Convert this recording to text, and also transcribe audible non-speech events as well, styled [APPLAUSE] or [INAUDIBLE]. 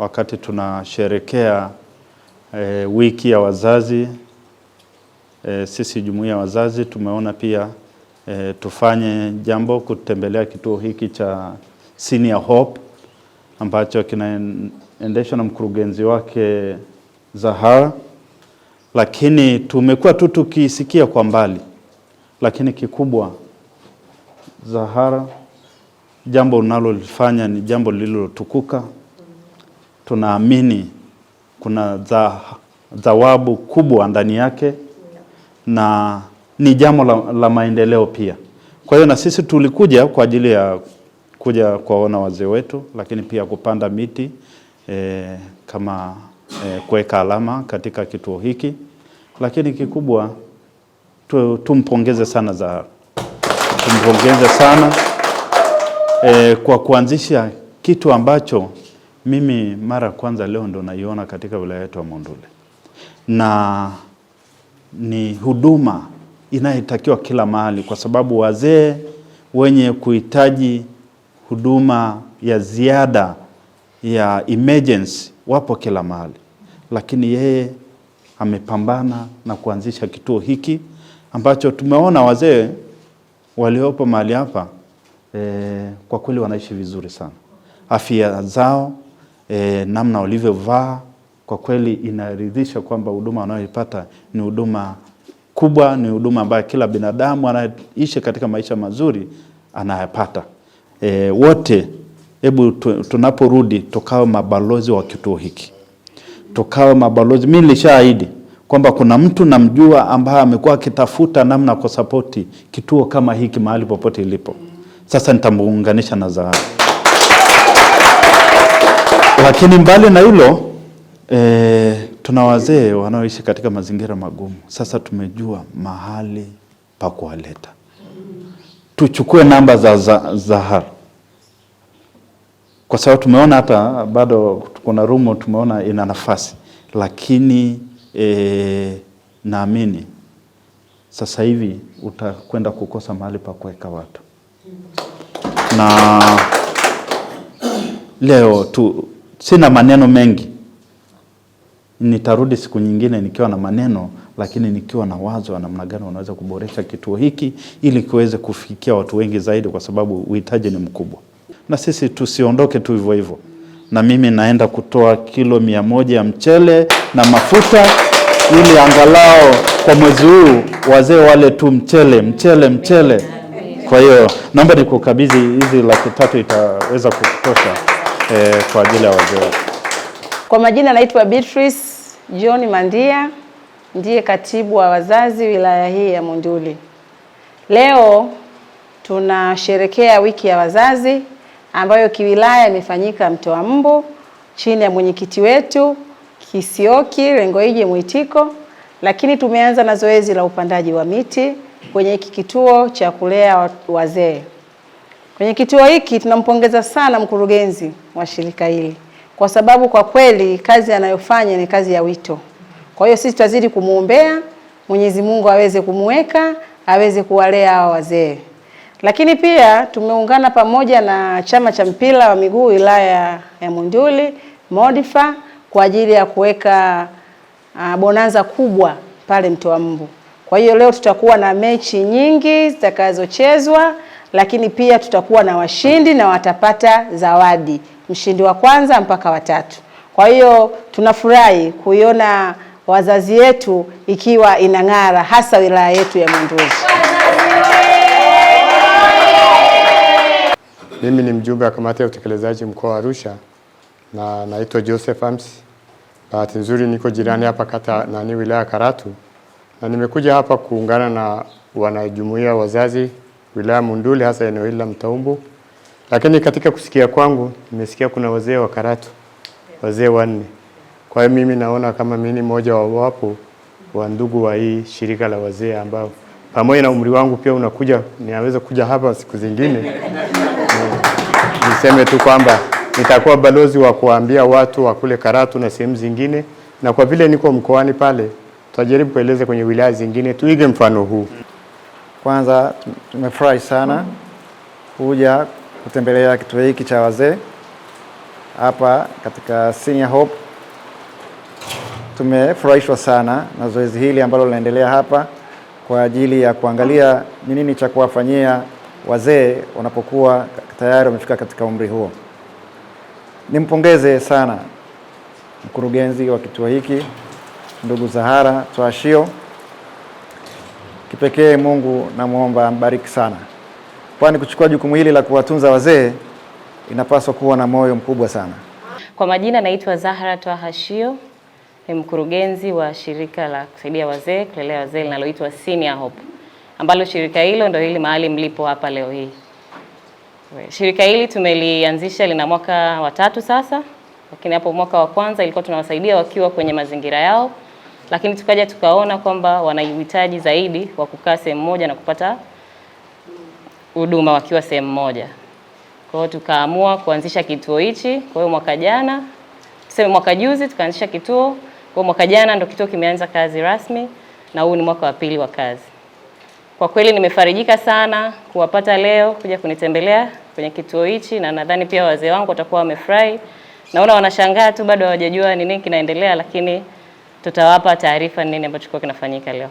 wakati tunasherekea e, wiki ya wazazi e, sisi jumuiya ya wazazi tumeona pia e, tufanye jambo kutembelea kituo hiki cha Senior Hope ambacho kinaendeshwa na mkurugenzi wake Zahara, lakini tumekuwa tu tukisikia kwa mbali, lakini kikubwa Zahara, jambo unalolifanya ni jambo lililotukuka tunaamini kuna thawabu kubwa ndani yake na ni jambo la, la maendeleo pia. Kwa hiyo na sisi tulikuja kwa ajili ya kuja kuwaona wazee wetu, lakini pia kupanda miti e, kama e, kuweka alama katika kituo hiki, lakini kikubwa tu, tumpongeze sana za tumpongeze sana e, kwa kuanzisha kitu ambacho mimi mara ya kwanza leo ndo naiona katika wilaya yetu ya Monduli, na ni huduma inayotakiwa kila mahali, kwa sababu wazee wenye kuhitaji huduma ya ziada ya emergency wapo kila mahali, lakini yeye amepambana na kuanzisha kituo hiki ambacho tumeona wazee waliopo mahali hapa e, kwa kweli wanaishi vizuri sana, afya zao e, namna walivyovaa kwa kweli inaridhisha kwamba huduma wanayoipata ni huduma kubwa, ni huduma ambayo kila binadamu anayeishi katika maisha mazuri anayapata. E, wote hebu tunaporudi tukawe mabalozi wa kituo hiki, tukawe mabalozi. Mimi nilishaahidi kwamba kuna mtu namjua ambaye amekuwa akitafuta namna kusapoti kituo kama hiki mahali popote ilipo. Sasa nitamuunganisha na Zahabu. Lakini mbali na hilo e, tuna wazee wanaoishi katika mazingira magumu. Sasa tumejua mahali pa kuwaleta. Tuchukue namba za, za Zahar kwa sababu tumeona hata bado kuna rumu, tumeona ina nafasi, lakini e, naamini sasa hivi utakwenda kukosa mahali pa kuweka watu na leo tu Sina maneno mengi, nitarudi siku nyingine nikiwa na maneno, lakini nikiwa na wazo namna gani wanaweza kuboresha kituo hiki ili kiweze kufikia watu wengi zaidi, kwa sababu uhitaji ni mkubwa, na sisi tusiondoke tu hivyo hivyo. Na mimi naenda kutoa kilo mia moja ya mchele na mafuta ili angalau kwa mwezi huu wazee wale tu mchele mchele mchele. Kwa hiyo naomba nikukabidhi hizi, laki tatu itaweza kukutosha eh, kwa ajili ya wazee. Kwa majina naitwa Beatrice John Mandia, ndiye katibu wa wazazi wilaya hii ya Monduli. Leo tunasherekea wiki ya wazazi ambayo kiwilaya imefanyika Mtoa Mbu chini ya mwenyekiti wetu Kisioki Lengoije Mwitiko, lakini tumeanza na zoezi la upandaji wa miti kwenye hiki kituo cha kulea wazee. Kwenye kituo hiki tunampongeza sana mkurugenzi wa shirika hili, kwa sababu kwa kweli kazi anayofanya ni kazi ya wito. Kwa hiyo sisi tutazidi kumwombea Mwenyezi Mungu aweze kumweka aweze kuwalea hao wazee, lakini pia tumeungana pamoja na chama cha mpira wa miguu wilaya ya Monduli Modifa kwa ajili ya kuweka uh, bonanza kubwa pale Mtoa Mbu. Kwa hiyo leo tutakuwa na mechi nyingi zitakazochezwa lakini pia tutakuwa na washindi na watapata zawadi, mshindi wa kwanza mpaka watatu. Kwa hiyo tunafurahi kuiona wazazi yetu ikiwa inang'ara, hasa wilaya yetu ya Mwanduzi. Mimi ni mjumbe wa kamati ya utekelezaji mkoa wa Arusha na naitwa Joseph Ams. Bahati nzuri niko jirani hapa kata nani wilaya Karatu, na nimekuja hapa kuungana na wanajumuiya wazazi wilaya Munduli, hasa eneo hili la Mtaumbu. Lakini katika kusikia kwangu nimesikia kuna wazee wa Karatu, wazee wanne. Kwa hiyo mimi naona kama mimi ni mmoja wawapo wa ndugu wa hii shirika la wazee ambao pamoja na umri wangu pia unakuja, niaweza kuja hapa siku zingine [LAUGHS] niseme tu kwamba nitakuwa balozi wa kuambia watu wa kule Karatu na sehemu zingine, na kwa vile niko mkoani pale, tutajaribu kueleza kwenye wilaya zingine, tuige mfano huu. Kwanza tumefurahi sana kuja kutembelea kituo hiki cha wazee hapa katika Senior Hope. Tumefurahishwa sana na zoezi hili ambalo linaendelea hapa kwa ajili ya kuangalia ni nini cha kuwafanyia wazee wanapokuwa tayari wamefika katika umri huo. Nimpongeze sana mkurugenzi wa kituo hiki ndugu Zahara Twashio Kipekee Mungu namwomba ambariki sana, kwani kuchukua jukumu hili la kuwatunza wazee inapaswa kuwa na moyo mkubwa sana. Kwa majina naitwa Zahra Twahashio, ni mkurugenzi wa shirika la kusaidia wazee kulelea wazee linaloitwa Senior Hope, ambalo shirika hilo ndio hili mahali mlipo hapa leo hii. Shirika hili tumelianzisha lina mwaka watatu sasa, lakini hapo mwaka wa kwanza ilikuwa tunawasaidia wakiwa kwenye mazingira yao lakini tukaja tukaona kwamba wanahitaji zaidi wa kukaa sehemu moja na kupata huduma wakiwa sehemu moja. Kwa hiyo tukaamua kuanzisha kituo hichi. Kwa hiyo mwaka jana, tuseme mwaka juzi tukaanzisha kituo, kwa mwaka jana ndo kituo kimeanza kazi rasmi, na huu ni mwaka wa pili wa kazi. Kwa kweli nimefarijika sana kuwapata leo kuja kunitembelea kwenye kituo hichi, na nadhani pia wazee wangu watakuwa wamefurahi. Naona wanashangaa tu, bado hawajajua ni nini kinaendelea, lakini tutawapa taarifa nini ambacho kinafanyika leo.